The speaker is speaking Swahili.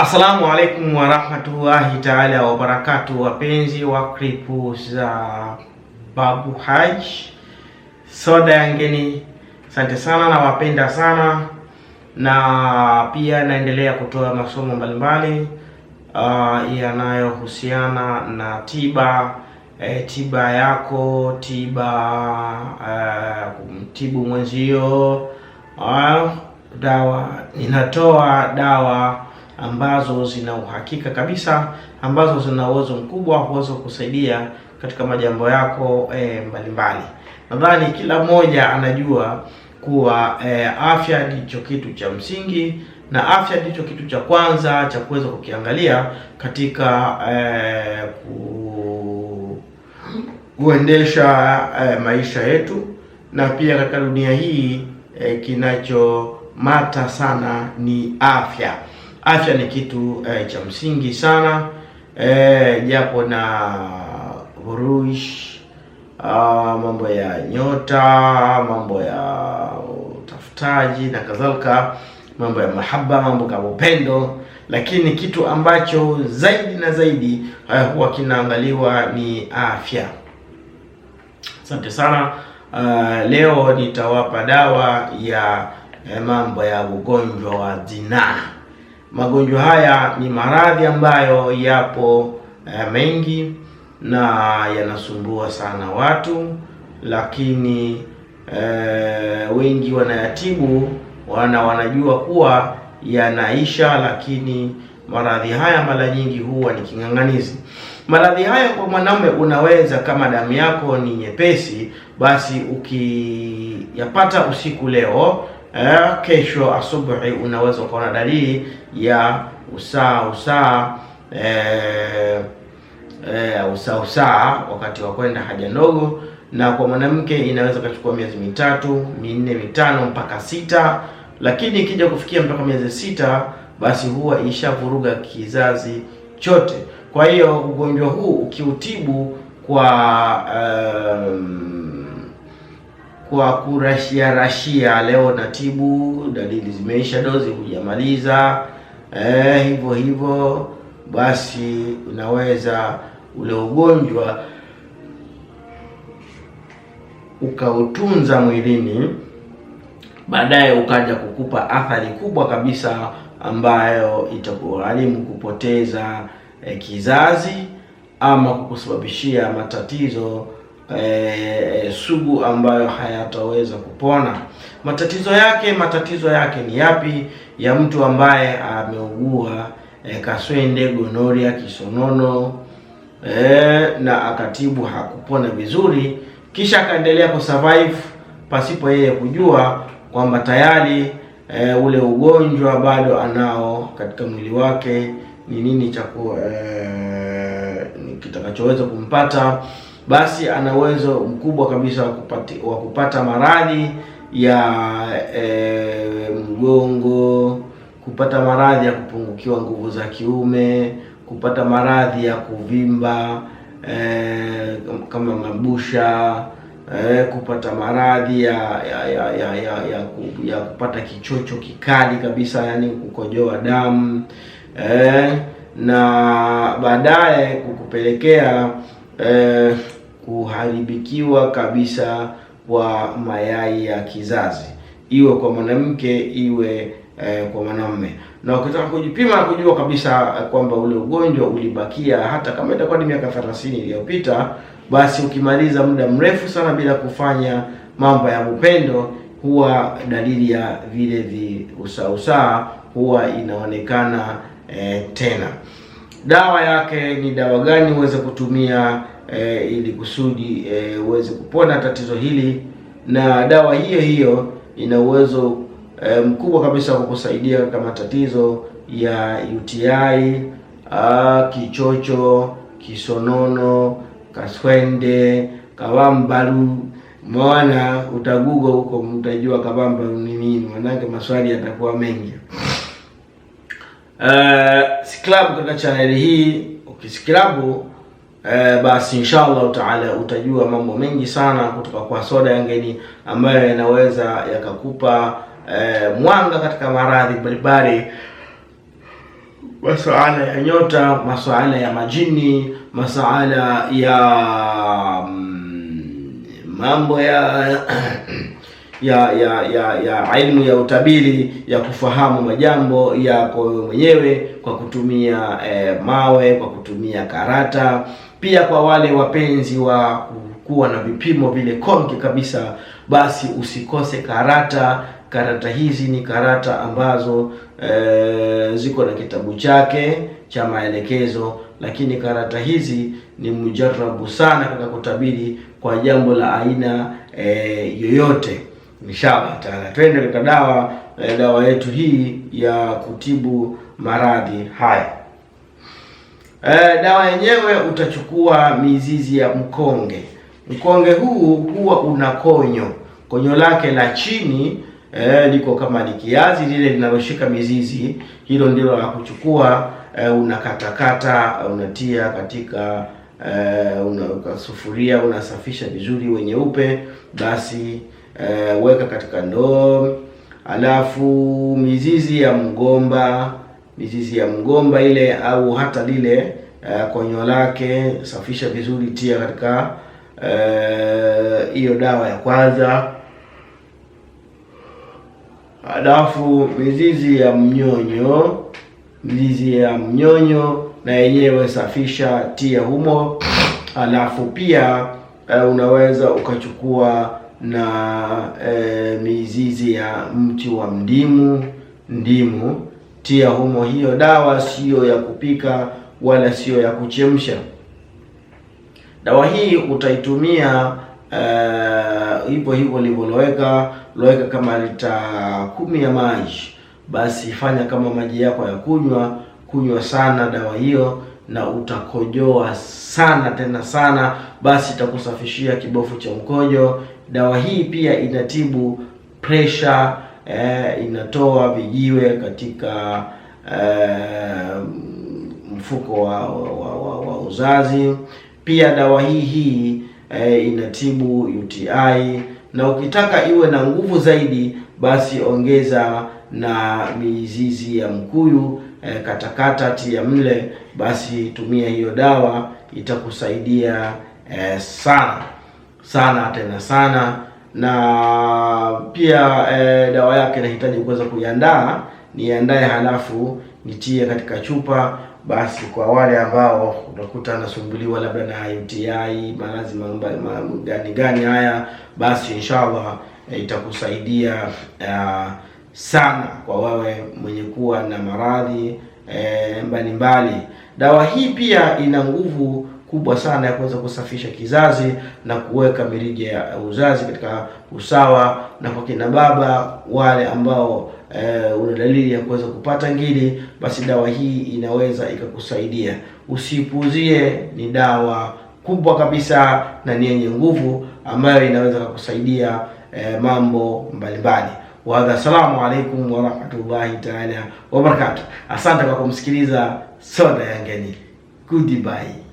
Assalamu alaikum warahmatullahi taala wabarakatu, wapenzi wa klipu za Babu Haji soda yangeni, asante sana, nawapenda sana na pia naendelea kutoa masomo mbalimbali uh, yanayohusiana na tiba eh, tiba yako tiba uh, tibu mwenzio uh, dawa ninatoa dawa ambazo zina uhakika kabisa, ambazo zina uwezo mkubwa uwezo kusaidia katika majambo yako e, mbalimbali. Nadhani kila mmoja anajua kuwa e, afya ndicho kitu cha msingi na afya ndicho kitu cha kwanza cha kuweza kukiangalia katika e, kuendesha eh, maisha yetu na pia katika dunia hii e, kinachomata sana ni afya afya ni kitu eh, cha msingi sana eh, japo na hurush ah, mambo ya nyota, mambo ya utafutaji na kadhalika, mambo ya mahaba, mambo ya upendo, lakini kitu ambacho zaidi na zaidi eh, huwa kinaangaliwa ni afya. Asante sana. Uh, leo nitawapa dawa ya eh, mambo ya ugonjwa wa zinaa. Magonjwa haya ni maradhi ambayo yapo eh, mengi na yanasumbua sana watu, lakini eh, wengi wanayatibu wana wanajua kuwa yanaisha, lakini maradhi haya mara nyingi huwa ni king'ang'anizi. Maradhi haya kwa mwanamume unaweza kama damu yako ni nyepesi, basi ukiyapata usiku leo eh, kesho asubuhi unaweza ukaona dalili ya usaa usaa eh, eh, usaa usaa wakati wa kwenda haja ndogo, na kwa mwanamke inaweza kuchukua miezi mitatu minne mitano mpaka sita, lakini ikija kufikia mpaka miezi sita basi huwa ishavuruga kizazi chote. Kwa hiyo ugonjwa huu ukiutibu kwa um, kwa kurashia rashia, leo natibu, dalili zimeisha, dozi hujamaliza, eh, hivyo hivyo, basi unaweza ule ugonjwa ukautunza mwilini, baadaye ukaja kukupa athari kubwa kabisa ambayo itakugharimu kupoteza eh, kizazi ama kukusababishia matatizo e, sugu ambayo hayataweza kupona. Matatizo yake matatizo yake ni yapi? Ya mtu ambaye ameugua e, eh, kaswende, gonoria, kisonono e, na akatibu hakupona vizuri, kisha akaendelea kusurvive pasipo yeye kujua kwamba tayari e, ule ugonjwa bado anao katika mwili wake. Ni nini cha e, kitakachoweza kumpata? basi ana uwezo mkubwa kabisa wa kupata maradhi ya e, mgongo, kupata maradhi ya kupungukiwa nguvu za kiume, kupata maradhi ya kuvimba e, kama mabusha e, kupata maradhi ya ya, ya, ya, ya, ya, ya kupata kichocho kikali kabisa, yani kukojoa damu e, na baadaye kukupelekea e, uharibikiwa kabisa kwa mayai ya kizazi, iwe kwa mwanamke iwe eh, kwa mwanamume. Na ukitaka kujipima na kujua kabisa kwamba ule ugonjwa ulibakia, hata kama itakuwa ni miaka 30 iliyopita, basi ukimaliza muda mrefu sana bila kufanya mambo ya upendo, huwa dalili ya vile viusausaa huwa inaonekana eh, tena dawa yake ni dawa gani uweze kutumia e, ili kusudi e, uweze kupona tatizo hili, na dawa hiyo hiyo ina uwezo e, mkubwa kabisa wa kukusaidia katika matatizo ya UTI, a, ah, kichocho, kisonono, kaswende, kawambaru Mwana utagugo huko, mtajua kawambalu ni nini, manake maswali yatakuwa mengi siklabu katika chaneli hii ukisiklabu uh, eh, basi inshallah taala utajua mambo mengi sana kutoka kwa soda yangeni ambayo yanaweza yakakupa uh, mwanga katika maradhi mbalimbali masuala ya nyota, masuala ya majini, masuala ya mm, mambo ya ya ya ya ya elimu ya utabiri ya kufahamu majambo yako wewe mwenyewe kwa kutumia e, mawe kwa kutumia karata. Pia kwa wale wapenzi wa kuwa na vipimo vile konki kabisa, basi usikose karata. Karata hizi ni karata ambazo e, ziko na kitabu chake cha maelekezo, lakini karata hizi ni mujarabu sana katika kutabiri kwa jambo la aina e, yoyote taala twende katika dawa eh, dawa yetu hii ya kutibu maradhi haya. E, dawa yenyewe utachukua mizizi ya mkonge. Mkonge huu huwa una konyo, konyo lake la chini e, liko kama ni kiazi lile linaloshika mizizi, hilo ndilo la kuchukua. E, unakatakata unatia katika e, una sufuria, unasafisha vizuri, wenyeupe basi e, weka katika ndoo. Alafu mizizi ya mgomba, mizizi ya mgomba ile au hata lile e, konyo lake safisha vizuri, tia katika eh, hiyo e, dawa ya kwanza. Alafu mizizi ya mnyonyo, mizizi ya mnyonyo na yenyewe safisha, tia humo. Alafu pia unaweza ukachukua na e, mizizi ya mti wa mdimu. Ndimu tia humo hiyo dawa, siyo ya kupika wala siyo ya kuchemsha. Dawa hii utaitumia hivyo eh, uh, hivyo ulivyoloweka loweka kama lita kumi ya maji, basi fanya kama maji yako ya kunywa. Kunywa sana dawa hiyo, na utakojoa sana tena sana, basi itakusafishia kibofu cha mkojo. Dawa hii pia inatibu presha eh, inatoa vijiwe katika eh, mfuko wa, wa, wa, wa uzazi. Pia dawa hii hii eh, inatibu UTI na ukitaka iwe na nguvu zaidi, basi ongeza na mizizi ya mkuyu eh, katakata, tia mle, basi tumia hiyo dawa itakusaidia eh, sana sana tena sana, na pia e, dawa yake inahitaji kuweza kuiandaa, niandae halafu nitie katika chupa. Basi kwa wale ambao utakuta anasumbuliwa labda na UTI maradhi gani gani haya, basi inshallah e, itakusaidia e, sana kwa wewe mwenye kuwa na maradhi e, mbalimbali. Dawa hii pia ina nguvu kubwa sana ya kuweza kusafisha kizazi na kuweka mirija ya uzazi katika usawa, na kwa kina baba wale ambao e, una dalili ya kuweza kupata ngiri, basi dawa hii inaweza ikakusaidia. Usipuuzie, ni dawa kubwa kabisa na ni yenye nguvu ambayo inaweza kukusaidia e, mambo mbalimbali. Wadha, assalamu alaikum warahmatullahi taala wabarakatu. Asante kwa kumsikiliza Soda Yangeni. Goodbye.